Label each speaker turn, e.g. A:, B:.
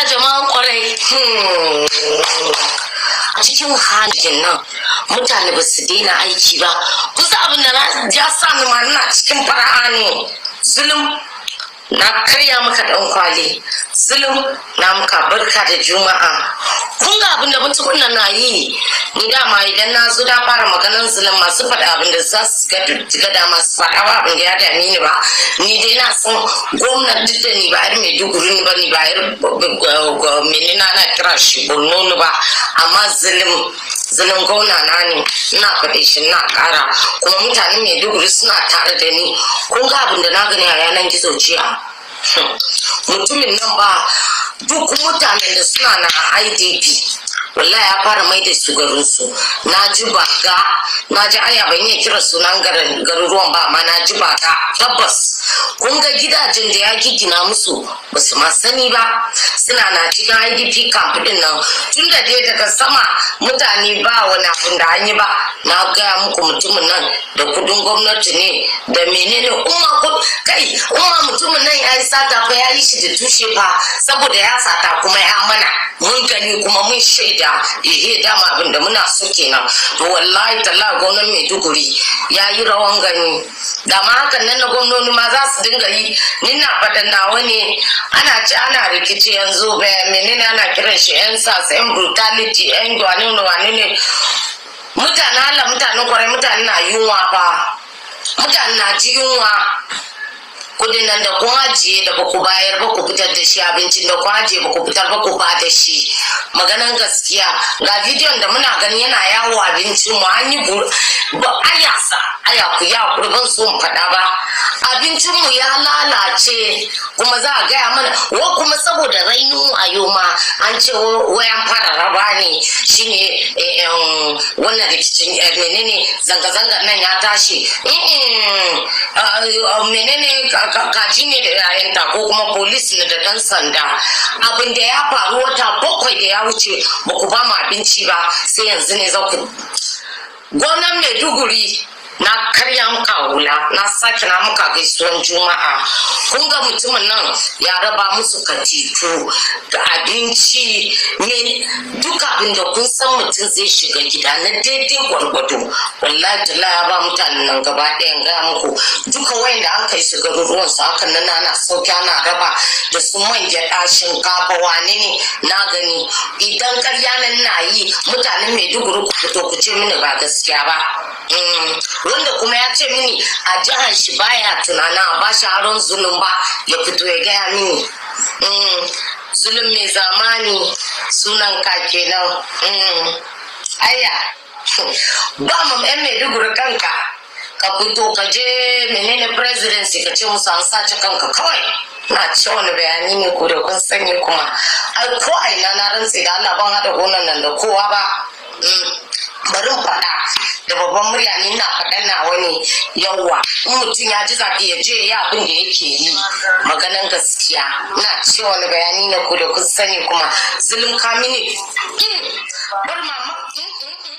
A: Allah jama'an kwarai hmm. a cikin halin nan mutane ba su daina aiki ba kusa abin da na sa ni ma na cikin fara'a ne zulum na karya maka ɗan kwale zulum na muka barka da juma'a kun ga abin da mutukun nan na yi ni dama idan na zo da fara maganar zulun masu faɗa abin da za su ga dama su faɗa ba abin da ya dame ni ba ni dai na san gwamnati da ni ba yar maiduguri ni ba ni ba yar menene na kira shi borno ba amma zulun zulun gona na ne na faɗe shi na ƙara kuma mutanen maiduguri suna tare da ni kun ga abin da na gani a yanar gizo jiya mutumin nan ba duk mutane da suna na idp wallahi ya fara mai da su na ji ga na ji aya ban iya kira sunan garuruwan ba amma na ji ga tabbas kun ga gidajen da ya gigina musu ba su sani ba suna na cikin idp camp din nan tun da dai daga sama mutane ba wani abin da an yi ba na gaya muku mutumin nan da kudin gwamnati ne da menene umma sata fa ya yi shi da tushe fa saboda ya sata kuma ya mana mun gani kuma mun shaida ya yi dama abin da muna so kenan to wallahi talla gwamnan maiduguri ya yi rawan gani da ma hakan nan na gwamnoni ma za su dinga yi ni na faɗin nawa ne ana ci ana rikici yanzu menene ana kiran shi yan sas yan brutality yan gwanin wani ne mutane ala mutane kwarai mutane na yunwa fa mutane na ji yunwa kudin nan da kun ajiye da ba ku bayar ba ku fitar da shi abincin da kun ajiye ba ku fitar ba ku ba da shi maganan gaskiya ga bidiyon da muna gani yana yawo abincin mu an yi aya ku ya kurban su mu faɗa ba abincin mu ya lalace kuma za a gaya mana wa kuma saboda rainu a yoma an ce wayan fara raba ne shine eh, eh, um, wannan rikicin eh, menene zanga-zanga nan ya tashi ah, um, menene kaji ne da yayanta ko kuma polis ne da dan sanda abin da ya faru wata bakwai da ya wuce ba ku ba mu abinci ba sai yanzu ne za ku gwamnan maiduguri na karya muka hula na sake na muka gaisuwan juma'a kun ga mutumin nan ya raba musu katiku da abinci ne duk abin da kun san mutum zai shiga gida na daidai gwargwado wallahi tala ya ba mutanen nan gaba ɗayan ga muku duka da aka yi shiga ruwan su haka nan ana sauki ana raba da su man gyaɗa shinkafa wani ne na gani idan karya nan na yi mutane mai maiduguri ku fito ku ce mini ba gaskiya ba mm. wanda kuma ya ce mini a jihar shi baya tunana ba shi haron zulum ba ya fito ya gaya mini mm, zulum mai zamani sunan ka kenan mm. aya ba mu yan maiduguri kanka ka fito ka je menene presidency ka ce musu an sace kanka kawai na ce wani bayani ne ko da kun sani kuma ai ko ina na rantse da ana ban hada gonan nan da kowa ba mm, bari faɗa da babban murya ne na faɗan nawa ne yawa in mutum ya ji zaɓe ya je ya abin da yake yi maganan gaskiya na ce wani bayani na ku da kun sani kuma zulum kamini bar mama mm, mm, mm.